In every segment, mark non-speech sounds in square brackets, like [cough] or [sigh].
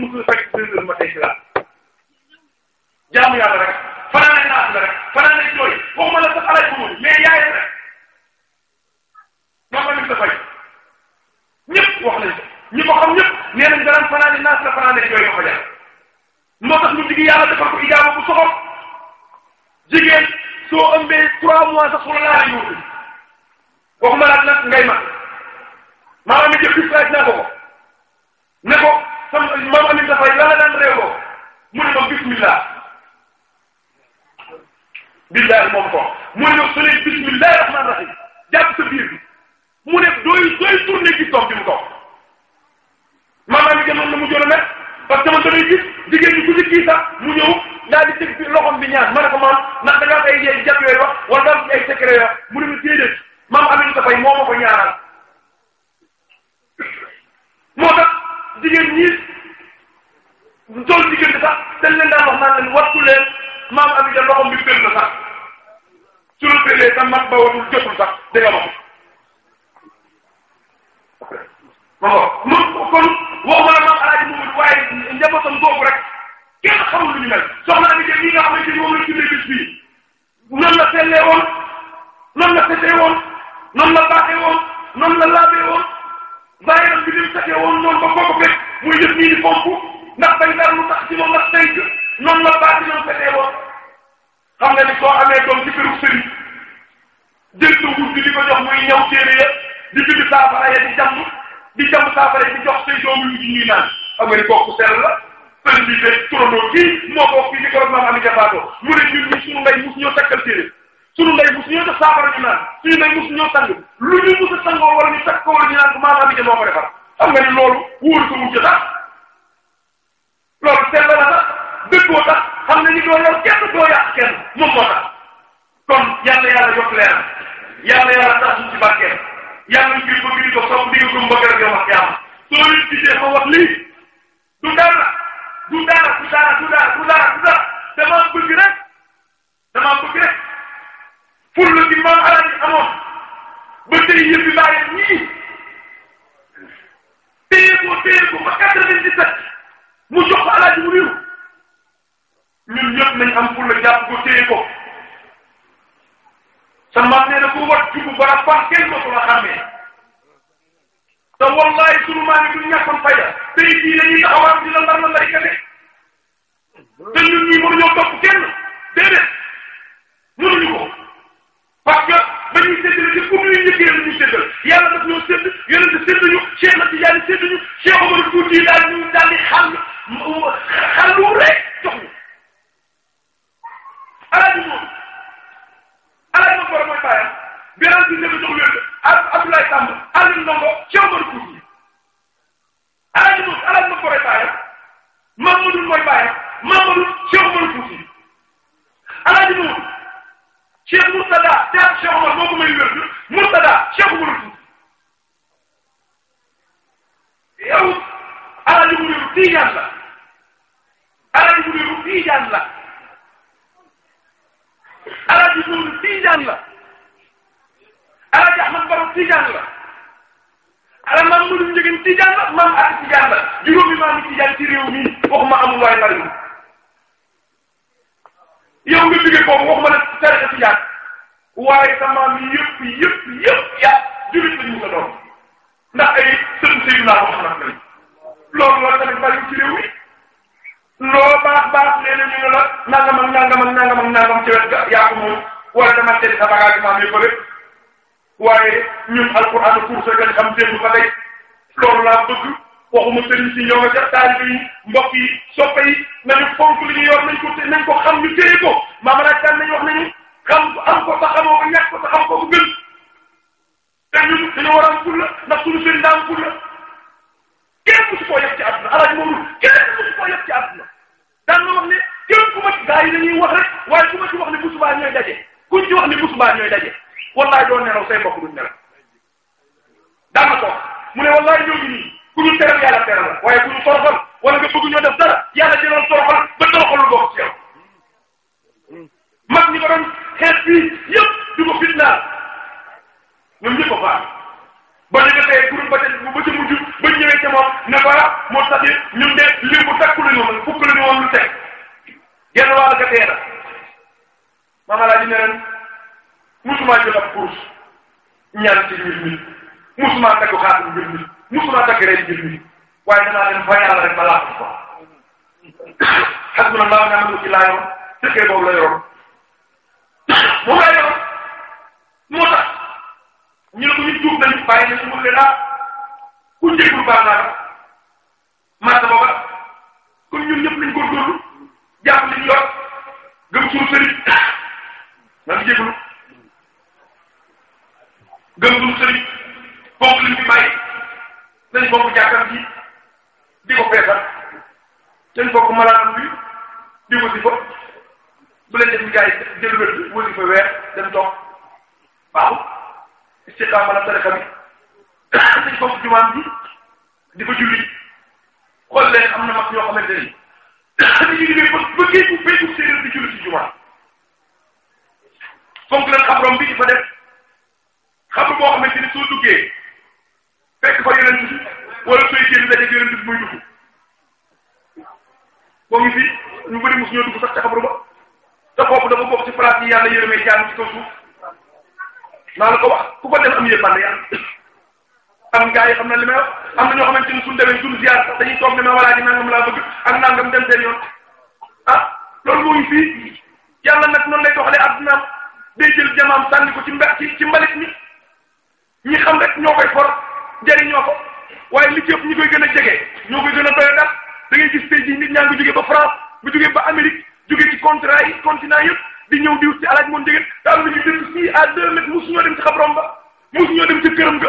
musul fekk deux heures ma tey ci laal jaamu yàlla rek fanaan ay naas la rek fanaan ay jooy waxuma la sax alay ko mais yaay rek ñoo ko lim sa fay ñëpp wax nañ ko ñi ko xam ñëpp nee nañ daan fanaan ay naas la fanaan ay jooy ma ko jaar moo tax ñu digg yàlla defal ko ijaaba bu soxor jigéen soo ëmbee trois mois sax su la laal yóotu parce que man damay gis jigéen ku ci mu ñëw daal di teg loxom bi ma ne ko maam ndax da ngaa ay ay jàpp yooyu wax wala da nga ay secret moo ko ñaanal moo tax jigéen ñi tool jigéen sax dañ leen daan wax naan leen wattu leen maam Amady loxom bi bëri na sax su la bëree sax mat ba watul jotul sax da nga wax. ma wax kon waxumala maam waaye njabootam googu rek kenn xamul lu ñu mel soxnaa ni jël yi nga xamante ni moom la tuddee bis bii noonu la sellee woon noonu la setee woon noonu la baaxee woon noonu la laabee woon bàyyiram bi lim setee woon noonu ba bokk fekk muy yëf nii di pomp ndax bay dara lu tax ci moom la tënk noonu la baaxee noonu setee woon xam nga ni soo amee doom ci këru sëriñ jël sa wut bi di ko jox muy ñaw téere ya di bind saafara ya di jàmm di jàmm saafara di jox say doomu yu ñuy naan xam nga ni kooku sell la sëriñ bi de turandoo kii moo ko kii di ko rek maam Ami Jabaatoo mu ne ñun ñii sunu ndey mus ñoo takkal téere sunu ndey mus ñoo def saafara ñu naan suñu ndey mus ñoo tàng lu ñu mus a tàngoo wala ñu takk ko wala ñu naan ko maam Ami loolu wóor ko mu la sax dëggoo tax xam ni doo yor kenn doo yàq kenn moom kon yàlla yàlla yokk leer yàlla yàlla tax ñu ci barkeel yàlla ñu ngi yaa soo leen gisee ma wax lii du dara du dara du dara du dara du dara du dara damaa bëgg rek damaa bëgg rek ful gi maam alal yi amoon ba tey yëf yi bàyyi nii téye ko téye ko ba quatre-vingt-dix-sept mu jox ko alal ji mu réew am ful la jàpp ko téye ko sa maam nee na ku wat jubu bara fan kenn ko la xàmmee te wallahi sunu maam yi du ñàkkoon tey jii dañuy taxawaan di la ndar la ndarikat te ñun ñii mënuñoo topp kenn déedéet mënuñu ko parce que ba ñuy séddale ci commune yi njëkkee la ñuy séddal yàlla daf ñoo sédd yonente sédd ñu Cheikh Mati Diagne sédd ñu Cheikh Omar Fouti daal ñu daal di xàll xàllu rek waaye tamaam yi yëpp yëpp yëpp yàpp jullit lañu ko doon ndax ay sëñ Seydina Muhammad lañ loolu la tamit bari ci réew mi loo baax baax nee na ñu ne la nangam ak nangam ak nangam ak nangam ci wet ga yaa ko moom wala dama seeti sa bagage maam yi ko rek waaye ñun alquran pour sa gën xam démb ba tey loolu laa bëgg waxuma sëriñ si ñoo nga ca taalibe yi mbokk yi soppe yi nañu fonk li ñu yor nañ ko nañ ko xam ñu téye ko maam rajo daan nañ wax nañu. xam ko am ko te xamoo ko ñàkk ko te xam ko bu gën te ñun dañoo war a am fulla ndax suñu seen daan fulla kenn ku si koo yëg ci àdduna alaaji moom kenn ku si koo yëg ci àdduna daan na wax ne kenn ku ma ci gaa yi dañuy wax rek waaye ku ma ci wax ne bu subaa ñooy daje kuñ ci wax ne bu subaa ñooy daje wallaay doo nelaw say mbokk duñ nelaw daan na ko mu ne wallaay ñoo ngi nii ku ñu teral yàlla teral la waaye ku ñu toroxal wala nga bëgg ñoo def dara yàlla dina toroxal ba toroxalul bokk ci yow mag ñi ko doon xeet bi yëpp di ko fitnaal ñoom ñëpp a faat ba ñu defee kuréel ba ca ba ca mujj ba ñëwee ca moom ne ko ah moo taxit ñun de lim bu takku la ñu woon fukk la ñu woon lu teg genn wàll ga tee la maama laa ji ne leen musuma jot ab kurus ñaan ci mbir mi musuma takku xaatim mbir mi musuma takk rey mbir mi waaye danaa leen fa yàlla rek ma laaj ko xas bu ne maa ngi am lu ci laajoon tëkkee boobu la yoroon. mu weyoon moo tax ñu ne ko ñu tuub nañu bàyyi nañu mu xelaat ku jéggul baax naa la maata booba comme ñun ñëpp nañ góorgóorlu jàpp liñ yor gëm suñu sëriñ maa ngi jégalu gëm suñu sëriñ bokk liñ fi bàyyi nañ bokk jàkkam ji di ko feesal nañ bokk malaan bi di ko si fa bu leen dem gars yi jël wér bi wëli fa weer dem toog waaw la tarixa bi [coughs] dañ ko jumaam bi di ko julli xool am na mag ñoo xamante ni [coughs] dañuy liggéey ba ba géeju béyku séeréer di julli ci jumaa fonk leen xabrom bi di fa def xabru fekk fa yeneen bi wala sooy génn dajeeg yeneen bi muy dugg boo ngi fi ñu bëri mos ñoo dugg sax ca xabru ba te foofu dama bokk ci place yi yàlla yërëmee jàmm ci kaw maa la ko wax ku ko def am yërmande yàlla am gaa yi xam na li may wax am na ñoo xamante ni suñ demee suñ ziar sax dañuy toog ne ma walaaj nangam laa bëgg dem seen yoon ah loolu mooy fii yàlla nag noonu lay doxalee àdduna day jël jamaam sànni ko ci mba ci ci mbalit mi ñi xam rek ñoo koy for jëriñoo ko waaye li ci ëpp ñi koy gën a jege ñoo koy gën a doyoo dal da ngay gis tey jii nit ñaa ngi jógee ba France bu jógee ba Amérique. jóge ci contrat yi continent yëpp di ñëw di wut ci alaaj moom jigéen daal la ñu jël fii à deux mètres mosu ñoo dem ci xabrom ba mosu ñoo dem ci këram ga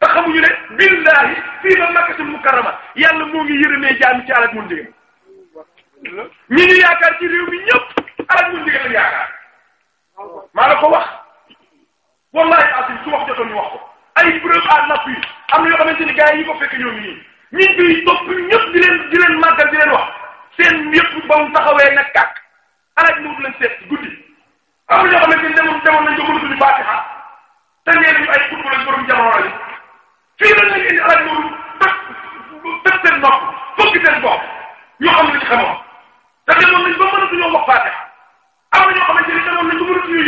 te xamuñu ne billahi fii ba makkatul mukarrama yàlla moo ngi yërëmee jaami ci alaaj moom jigéen ñi ñu yaakaar ci réew mi ñëpp alaaj moom jigéen lañ yaakaar maa la ko wax wallahi asim su wax jotoon ñu wax ko ay preuve à l'appui am na yoo xamante ni gars yi ko fekk ñoo nii ñi ngi koy topp ñëpp di leen di leen màggal di leen wax seen yëpp ba mu taxawee nag kàkk alaaj nuut lañ seet guddi am ñoo xamante ne demoon demoon nañ ba mënatuñu Fatiha te nee nañu ay xutba lañ borom jamono yi fii lañ lañ indi alaaj nuut tëj tëj seen nopp fëgg seen bopp ñu xam li ñu xamoon te demoon nañ ba mënatuñoo wax Fatiha am na ñoo xamante ne demoon nañ ba mënatuñoo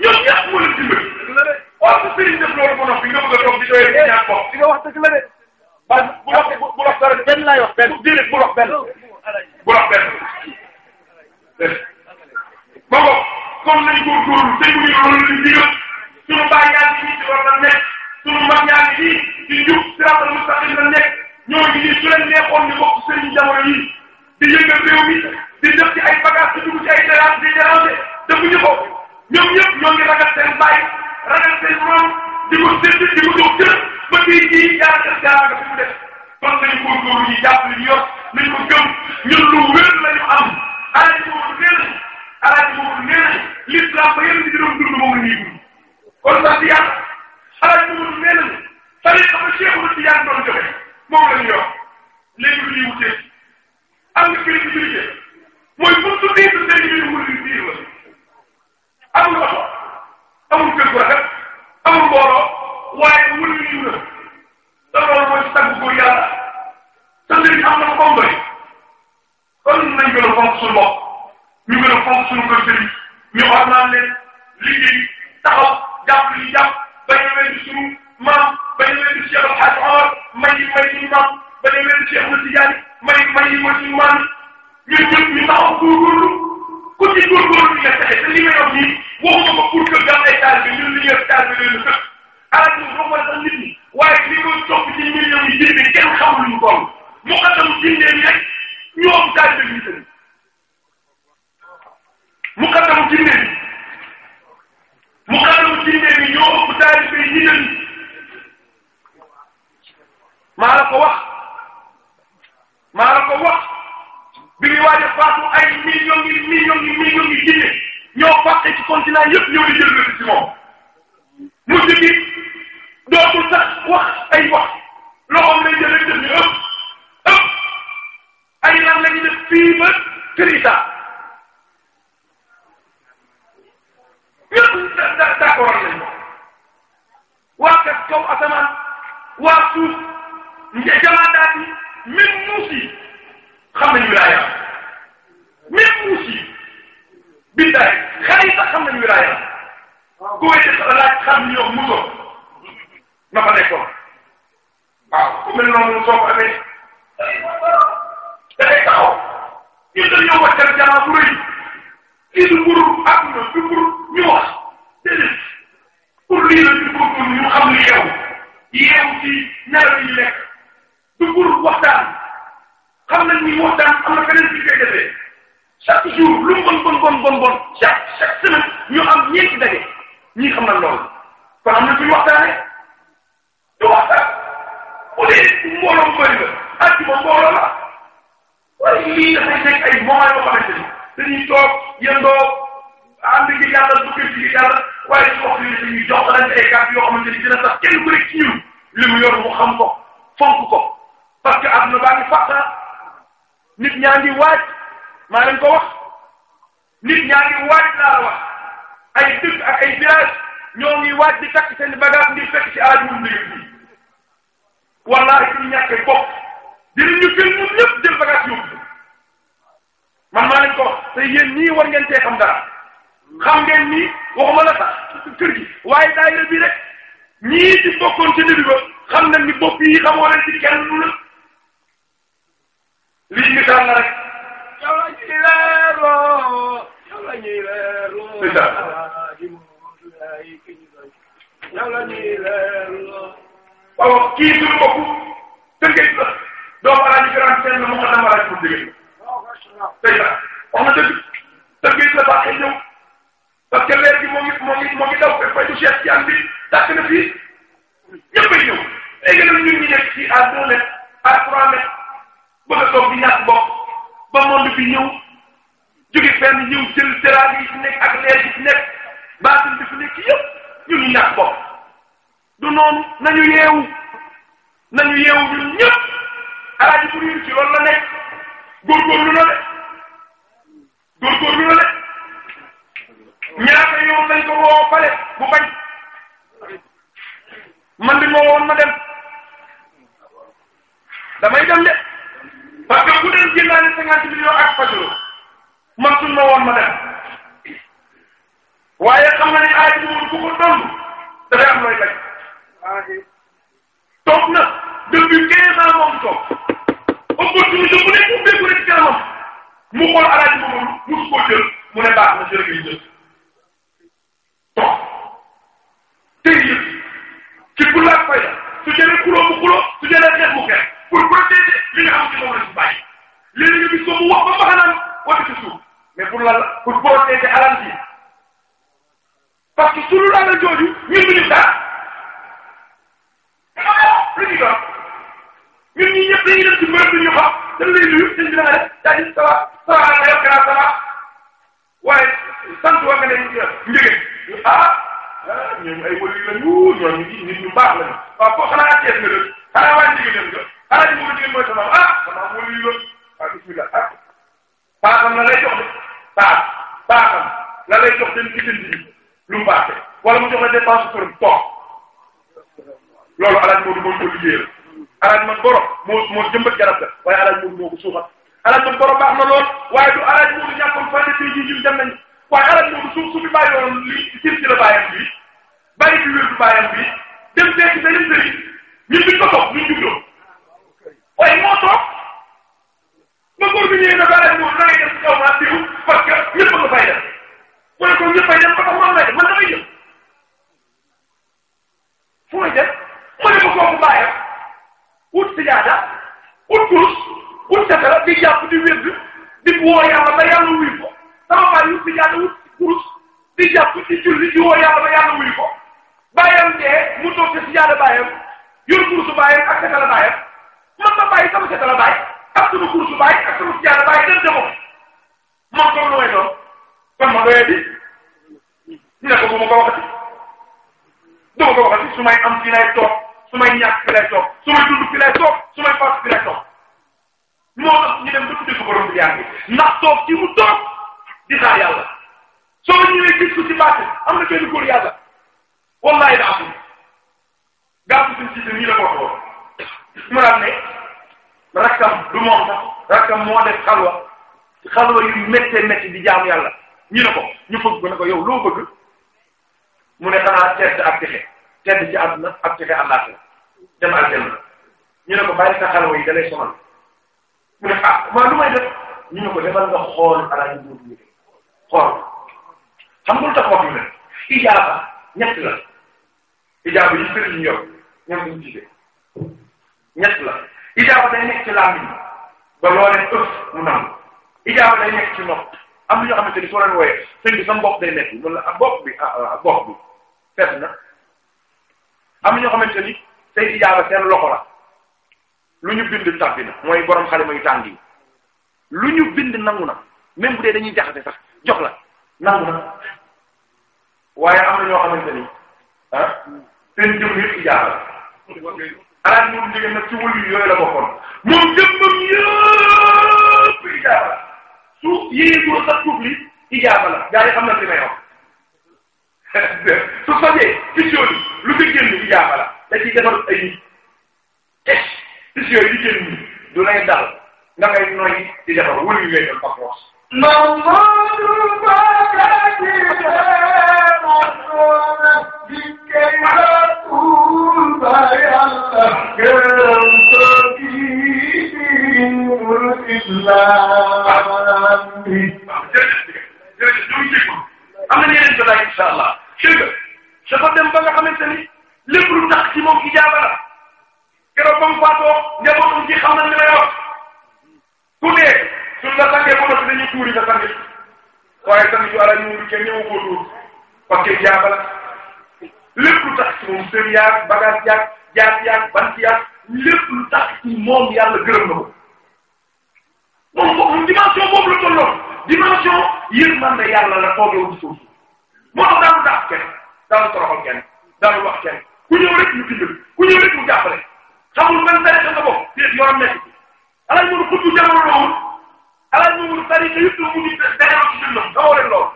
yëngatu ñoom ñëpp moo leen dimbali waaw su sëriñ def loolu ba noppi nga bëgg a toog di doyee ñaar bopp di nga wax dëgg la de bu wax bu wax dara benn laay wax benn déedéet bu wax benn bu wax benn ba ko comme nañ góorgóorlu te ñu ngi loolu li digal sunu baay yaa ngi nii ci loolu la nekk sunu mag yaa ngi nii ci jub siraatal mustaqim la nekk ñoo ngi nii su leen neexoon ni bokk sëriñ jamono yi di yëngal réew mi di def ci ay bagages di dugg ci ay terrasse di déranger defuñu ko ñoom ñëpp ñoo ngi ragal seen baay ragal seen moom di ko sédd di ko jox cër ba kii kii jaaraat jaaraat nga fi mu def. kon nañ góorgóorlu ñu jàpp li ñu yor nañ ko gëm ñun lu wér la ñu am alal boobu nee nañ alal boobu nee nañ l'islam ba yéen a ngi doon dund moom la ñuy dund kon sax di yàlla alal boobu nee nañ tariqa ba Cheikh ci yàlla doon joxe moom la ñu yor léegi lu ñuy wutee am nga kër gi ñu mooy pour su dee su dee ñu wut biir la amul oto amul kër gu rafet amul mbooloo waaye wut ñu ñëw na te loolu mooy tàggu góor yàlla. américain moo ko mbay kon nañ gën a fonk suñu bopp ñu gën a fonk suñu kër sëriñ ñu xam naa leen liggéey taxaw jàpp li jàpp bañ a wéy di suñu maam bañ a wéy di Cheikh El Hadj Omar may yi may suñu maam bañ a wéy di Cheikh Tidiane may may yi mooy suñu maam ñun ñëpp ñu taxaw góorgóorlu ku ci góorgóorlu di nga fexe te li nga wax nii waxuma ko pour que gàmm ay taal bi ñun li ñu def taal bi leen sëkk alal ñu rombal sax nit ñi waaye li ko topp ci millions yi jënd kenn xamul lu mu toll mu xatam diine bi rek ñoom taalibe bi ñu tënk mu xatam diine bi mu xatam diine bi ñoo ëpp taalibe yi ñu tënk maa la ko wax maa la ko wax bi ñu waaj a faatu ay millions yi millions yi millions yi diine ñoo fàqe ci continent yëpp ñoo di ku koy laaj xam ñoom mu soog na fa nekkoon waaw ku mel noonu soo ko amee da ngay taxaw ñun dañoo wàccal jamaa bu rëy lii du mburu ak na du mburu ñu wax déedéet pour lii la ñu bëgg ñu xam li yeewu yeewu ci yi lekk du pour waxtaan xam nañ ni waxtaan am na beneen bi jour lu mu bon bon bon bon bon chaque chaque semaine ñu am ñeenti daje. ñii xam nañ loolu kon am na suñu waxtaane du waxtaan bu dee mbooloo mu bëri la ak ci moom mbooloo la waaye lii dafay nekk ay moment yoo xamante ni dañuy toog yëndoo ànd ci yàlla dugal ci yàlla waaye ci waxtu yi dañuy jox lañ ay kàddu yoo xamante ni dina tax kenn ku nekk ci ñun li mu yor mu xam ko fonk ko parce que àdduna baa ngi fàq nit ñaa ngi waaj maa leen ko wax nit ñaa ngi waaj laa la wax. ay dëkk ak ay village ñoo ngi waaj di takk seen bagage ngir fekk ci aaj mun nañu fi wallaahi suñu ñàkkee bopp dinañu gën ñun ñëpp jël bagage yóbbu man maa leen te yéen ñii war ngeen cee xam dara xam ngeen ni waxuma la sax kër gi waaye daayira bi rek ñii ci bokkoon ci début ba xam nañ ni bopp yi xamoo leen ci kenn du la lii la rek. lañuy leerloo. ñaw lañuy leerloo. waaw kii suñu bopp tënkee la doomu alaaji grand seen na mu xam naa alaaji pour déglu. tey la wax na dëgg tënkee la baaxee ñëw parce que leer gi moo ngi moo ngi moo ngi daw te fay du seet ci an bi tàkk na fii ñëpp a ñëw léegi nag ñun ñu nekk fii à deux mètres à trois mètres bëgg a toog di ñàkk bopp ba monde bi ñëw. jóge fenn ñëw jël teraanga yi ci nekk ak leer yi ci nekk baatin bi fi nekk yëpp ñu ngi nax bopp du noonu nañu yeewu nañu yeewu ñun ñëpp alaaji bu riir ci loolu la nekk góorgóorlu na na le ñaata yoon lañ ko woo pare bu bañ man di moo woon ma dem damay dem de parce que bu dee jëndaane cinquante millions ak fajoro man suñ ma woon ma dem waaye xam nga ne aaj moom ku ko doon dafay am looy lekk. toog na depuis quinze ans moom toog opportunité bu nekk ubbeeku rek ci kanamam mu xool alaaji boobu mosu koo jël mu ne baax na jërë jël toog tey jii ci kulaak fay su jëlee xuloo bu xuloo su jëlee xeex bu xeex pour protéger li nga xam ci moom la ñu bàyyi léeg-léeg nga gis ko mu wax ba mbaxanaam wala ci suuf mais pour lan pour bootee ci alal ji parce que sunu alal jooju ñun ñu dara lu ñu doon ñun ñii ñëpp dañuy dem ci mbërëb bi ñu xam dañ lay nuyu sëñ bi na nga def daa di ça va ça va nga def gannaaw ça va waaye sant waa nga ne njëge ah ñooñu ay wëli la ñu ñooñu nit ñu baax la ñu waaw koo xanaa ak kees nga def xanaa waa njëge dem nga xanaa ñu bëgg a njëge mooy sama ah sama wëli la waaw ah, bismillah ah paasam la lay jox de baax baaxam la lay jox dem ci jënd lu wala mu jox la dépense pour toog loolu alaaj Moodu moo ko liggéeyal alaaj man borom moo moo jëmbat garab la waaye alaaj Moodu moo ko suuxat alaaj man borom baax na lool waaye du alaaj Moodu ñàkkoon fànn tey jii ñun dem nañu waaye alaaj Moodu suuf su fi bàyyi woon li ci la bàyyam bi bàyyi fi wér du bàyyam bi. su may ñàkk fi lay toog su may dund fi lay toog su may faatu fi lay toog moo tax ñu dem ba tudde ko borom bi yaa ngi ndax toog ci mu toog di xaar yàlla soo ñëwee gis ko ci bàtt am na benn góor yàlla wallahi daa am gàttu suñ ci ñi la ko waxoon mu daan ne rakkam du moom sax rakkam moo def xalwa xalwa yu méttee métti di jaamu yàlla ñu ne ko ñu fëgg ko ne ko yow loo bëgg mu ne xanaa tedd ak texe tedd ci àdduna ak texe àllaaxira dem àjjana ñu ne ko bàyyi sa xalaw yi da lay sonal mu ne ah man lu may def ñu ne ko defal nga xool alaaji bu ñu xool xam nga lu tax wax ñu ne ijaaba ñett la ijaaba yi bëri ñu yor ñoom ñu gisee ñett la ijaaba day nekk ci làmmiñ ba loolee ëpp mu naan ijaaba day nekk ci nopp am na ñoo xamante ni soo leen wooyee sëñ bi sa mboq day nekk wala ah, bopp bi ah, ah bopp bi fekk na am na ñoo xamante ni. tey ijaaba seen loxo la lu ñu bind tàbbi na mooy borom xalima yu tàng yi lu ñu bind nangu na même bu dee dañuy jaxase sax jox la nangu na waaye am na ñoo xamante ni ah seen jëm yëpp ijaaba alaat moom jigéen nag ci wëlu yooyu la bokkoon moom jëmmam yëpp ijaaba su yéegoo sax suuf li ijaaba la gaa yi xam na li may wax [laughs] su fajee ci lu ci génn ijaaba la da ciy defar ay nit teg tissu yooyu di jël nii du lay daal nga ngay noyyi di defar wóor yi ngay jël par force. non non. am na ñeneen jotaay incha allah. c'est que dafa dem ba nga xamante ni. lépp lu tax ci moom ijaaba la keroog ba mu faatoo njabootum ci xam nañ li may wax ku dee suñ la sàngee ba noppi dañuy tuuri sa sànni waaye sànni su ala ñuul kenn ñëw koo tuur parce que ijaaba la lépp lu tax ci moom sër yaag bagage yaag jaat yaag bant yaag lépp lu tax ci moom yàlla gërëm na ko moom moom dimension boobu la tolloon dimension yéen man na yàlla la toogee wu suuf moo tax daanu daax kenn daanu toroxal kenn daanu wax kenn ku ñëw rek ñu dimbali ku ñëw rek mu jàppale xamul man tarixa nga bokk déet yoram nekk ci alal mënu xuttu jamono loolu alal mënu tarixa yëpp la mujj dajaloo ci sunnam dawoo leen lool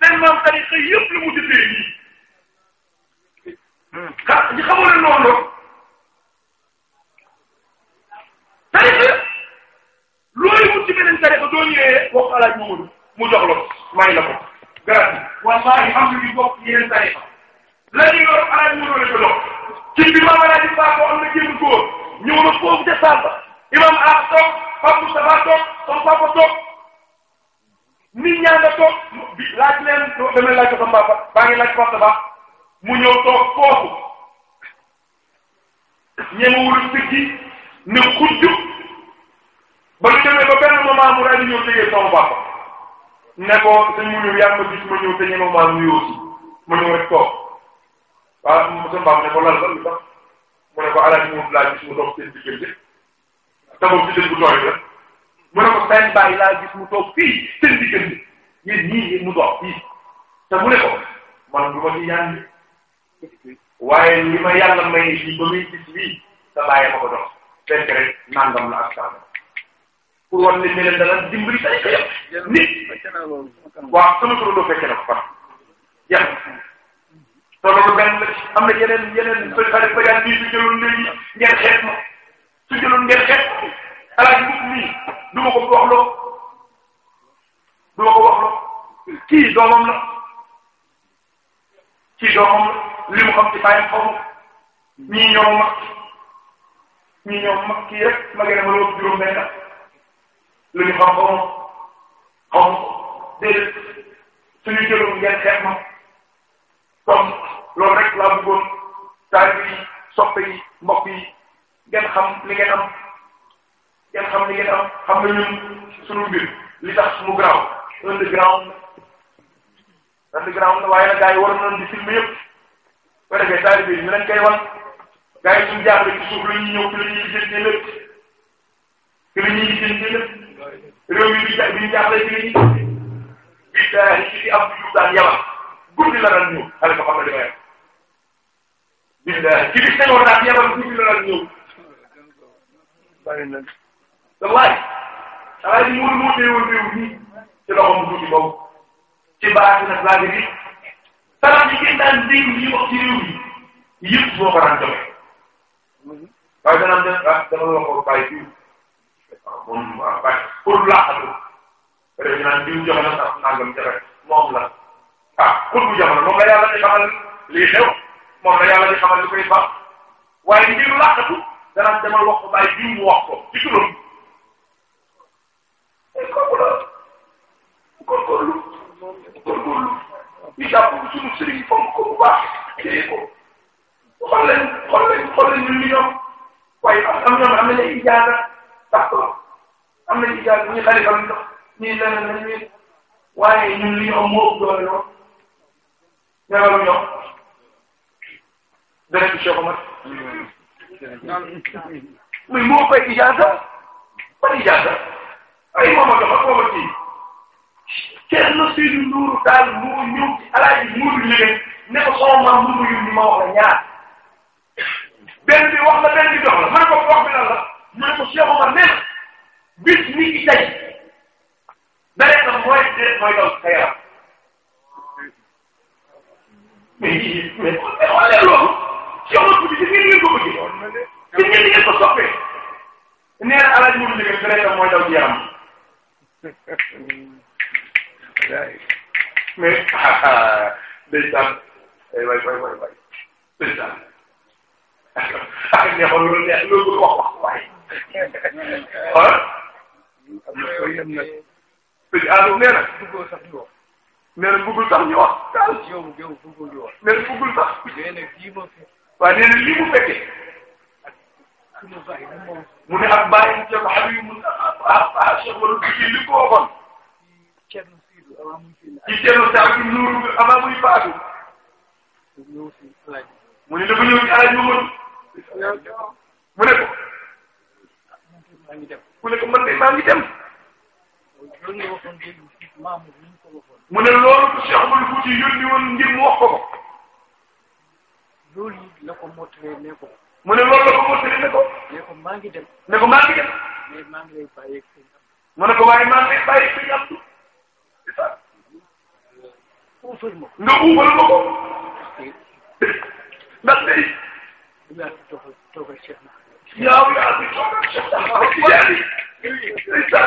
seen maam tarixa yëpp la mujj tey nii xa ñu xamoo leen loolu lool tarixa looy wut ci beneen tarixa doo ñëwee wax alaaj Mamadou mu jox la may la ko garab wallahi xam nga ñu bokk yeneen tarixa la ñuy yor alaay mu mënoon a jëloon ci biir maam alaay di baaxoo am na jéem góor ñëw na foofu ca Samba imam Aas toog Pape Moustapha toog son papa toog nit ñaa nga toog bi laaj leen damay laaj ko sa mbaa baa ngi laaj Pape Moustapha mu ñëw toog foofu ñemewul tëggi ne xujj ba lu demee ba benn moment mu daal di ñëw déggee sama papa ne ko sëñ mu ñëw yaa ma gis ma ñëw te ñemewu maa nuyoo si ma ñëw rek toog. waaw monsieur Mbam ne ko lan la lu tax mu ne ko alal ñu wut laa gis mu toog seen diggante te moom ci dëgg bu tooy la mu ne ko seen bàyyi laa gis mu toog fii seen diggante yéen ñii mu toog fii te mu ne ko man du ma ci ñaan waaye li ma yàlla may fii ba muy gis bii sa bàyyi ma ko dox fekk rek nangam la ak sàmm pour wan ne ne leen dana dimbali say ko yëpp nit waaw sama turandoo fekkee na ko fan yàlla. am na yeneen yeneen sëñ Fane Badiane bii su jëloon léegi ngeen xeet ma su jëloon ngeen xeet alaaji mukk mii du ma ko waxloo du ma ko waxloo kii doomam la kii doomam la li mu xam ci bàyyi xaw ma ñii ñoo mag ñii ñoo mag kii rek ma gën a ma loolu juróom-benn la lu ñu xam xaw ma xaw ma déedéet suñu jëloon ngeen xeet ma comme. loolu rek laa bëggoon taalibe yi soppe yi mbokk yi ngeen xam li ngeen am ngeen xam li ngeen am xam na ñun suñu mbir li tax suñu garaaw underground underground waaye nag gars yi war nañu di filmer yëpp ba defee taalibe yi ñu leen koy wan gars yi suñu jaaxle ci suuf la ñuy ñëw fi la ñuy gisantee lépp fi la ñuy gisantee lépp réew yi bi ja bi ñu jaaxle fi la ñuy gisantee billahi ci di am lu daan yàlla guddi la daan ñëw xale ba xam na li may billahi ki bi tegoon daal yabal guddi la nag ñëw. bàyyi na wallaay xanaa ni muur moo teewoon réew mi ci loxoom guddi boobu ci baax nag laa ngi nii. salaam yi ngeen daan dégg ñi wax ci réew mi yëpp moo ko daan joxe. waaye danañ ne ah dama la ko bàyyi jiw moom waaw bàyyi pour laaxatu réew mi naan jiw joxe na sax nangam jafe moom la ah pour bu jamono moom la yàlla ne xamal lii xew. moom la yàlla di xamal li koy baax waaye mbiru làqatu danaan demal wax ko bàyyi jiw mu wax ko ci turam eh, kooku la góorgóorlu góorgóorlu ñu jàpp ko sunu sëriñ fonk ko bu baax téye ko xool leen xool leen xool leen ñun ñu ñoom waaye am ñoom am nañu ijaada d'accord am nañu ijaada ñu xale xam ndox ñuy leneen nañu waaye ñun li ñoom moo doole ñoom ñoom ñoom dara ci Cheikh Omar muy moo fay ijaasa ban ijaasa ay moom ak ma moom ak kii kenn Seydu Nuuru daal moo ñëw ci alaaji Muudu Njëgeen ne ko soo ma mënu yu ma wax la ñaar benn bi wax la benn bi dox la ma ne ko wax bi lan la ma ne ko Cheikh Omar nee na bis mi ngi tey nawet am mooy déet mooy daw sa yaram mais mais loolu. coono bi ci ngeen ngeen ko bëggee ci ngeen ngeen ko soppee nee na alaaji mu dëgg traité mooy daw ci yaram mais [laughs] ndeysaan ay eh, waay waay waay waay ndeysaan ak [laughs] neexoon loolu neex loolu wax wax waay sëñ Adou nee na bëggul sax ñu wax nee na bëggul sax ñu wax nee na bëggul sax waaye nee na lii mu fekkee mu ne ak bàyyi Cheikh Habib mu ah ah Cheikh wala kii li ko waxoon ci Thierno Sarr bi Nourou avant muy faatu mu ne dafa ñëw ci alaaj mu ne ko ku ne ko man de maa ngi dem mu ne loolu Cheikh Abdou Fouti yónni woon ngir mu wax ko ko. loolu it la ko mottalee ne ko. mu ne loolu la ko mottalee ne ko. ne ko maa ngi dem. ne ko maa ngi dem. mais maa ngi lay bàyyeeg sëñ am. mu ne ko waaye maa ngi lay bàyyeeg sëñ am. c'est ça. uufal ma ko. nga uufal ma ko. ndax tey. yaa ngi toogal toogal Cheikh na. yaa ngi toogal Cheikh na. waaw yaa ngi. c'est ça.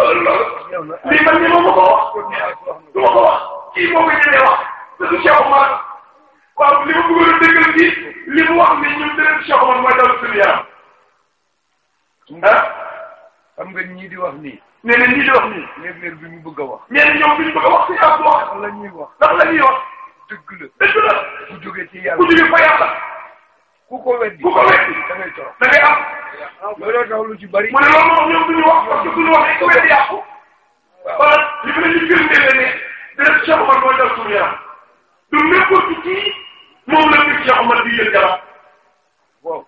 loolu. lii man mii moom ma ko wax. du ma ko wax. kii moo ko jëlee wax. te du Cheikh Oumar. li a li mu wax ni ñun dërëm Cheikh Omar mooy dal suñu yaram. ah. xam nga ñii di wax ni nee na di wax nii. léeg-léeg bi ñu bëgg a wax. nee na ñoom bi ñu bëgg a wax si yàlla bu wax. ndax la wax ndax la ñuy wax. dëgg la dëgg la. ku jógee ci yàlla ku ku ko weddi ku ko weddi da ngay toro da ngay am. Ah, looloo tax lu ci bari. mu wax parce que weddi yàqu. waaw li ma leen di firndeel ne dërëm Cheikh Omar mooy dal suñu yaram. du nekkul ci kii. moom la ñu Cheikh Omar di jël jabar waaw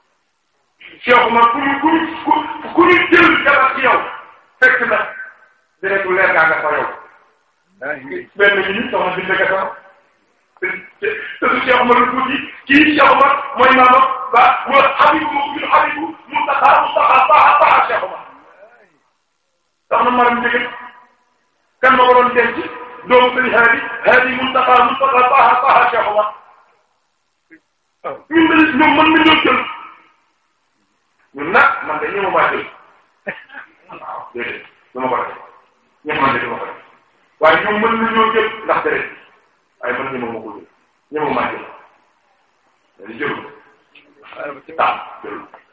Cheikh Omar ku ñu ku ñu ku ñu jël jabar ci yow fekk na dina leer gaa nga fa yow. benn minute soxna Binta Gassama te te te du Cheikh Omar tuuti kii Cheikh Omar mooy maama ba mu Habib mu Habibu Moustapha Moustapha Baha Baha Cheikh Omar soxna Maram Ndege kan ma waroon denc doomu Sëriñ Hadi Hadi Moustapha Moustapha Baha Baha Cheikh Omar waaw ñun dañu si ñoom man mi ñoo jël ñun nag man de ñëw maa jël waaw déedéet du ma ko def ñëpp man de du ma ko def waaye ñoom mën na ñoo jël ndax déedéet waaye man ñëpp ma ko jël ñëpp maa jël dañu jëlul. waaw jëlul.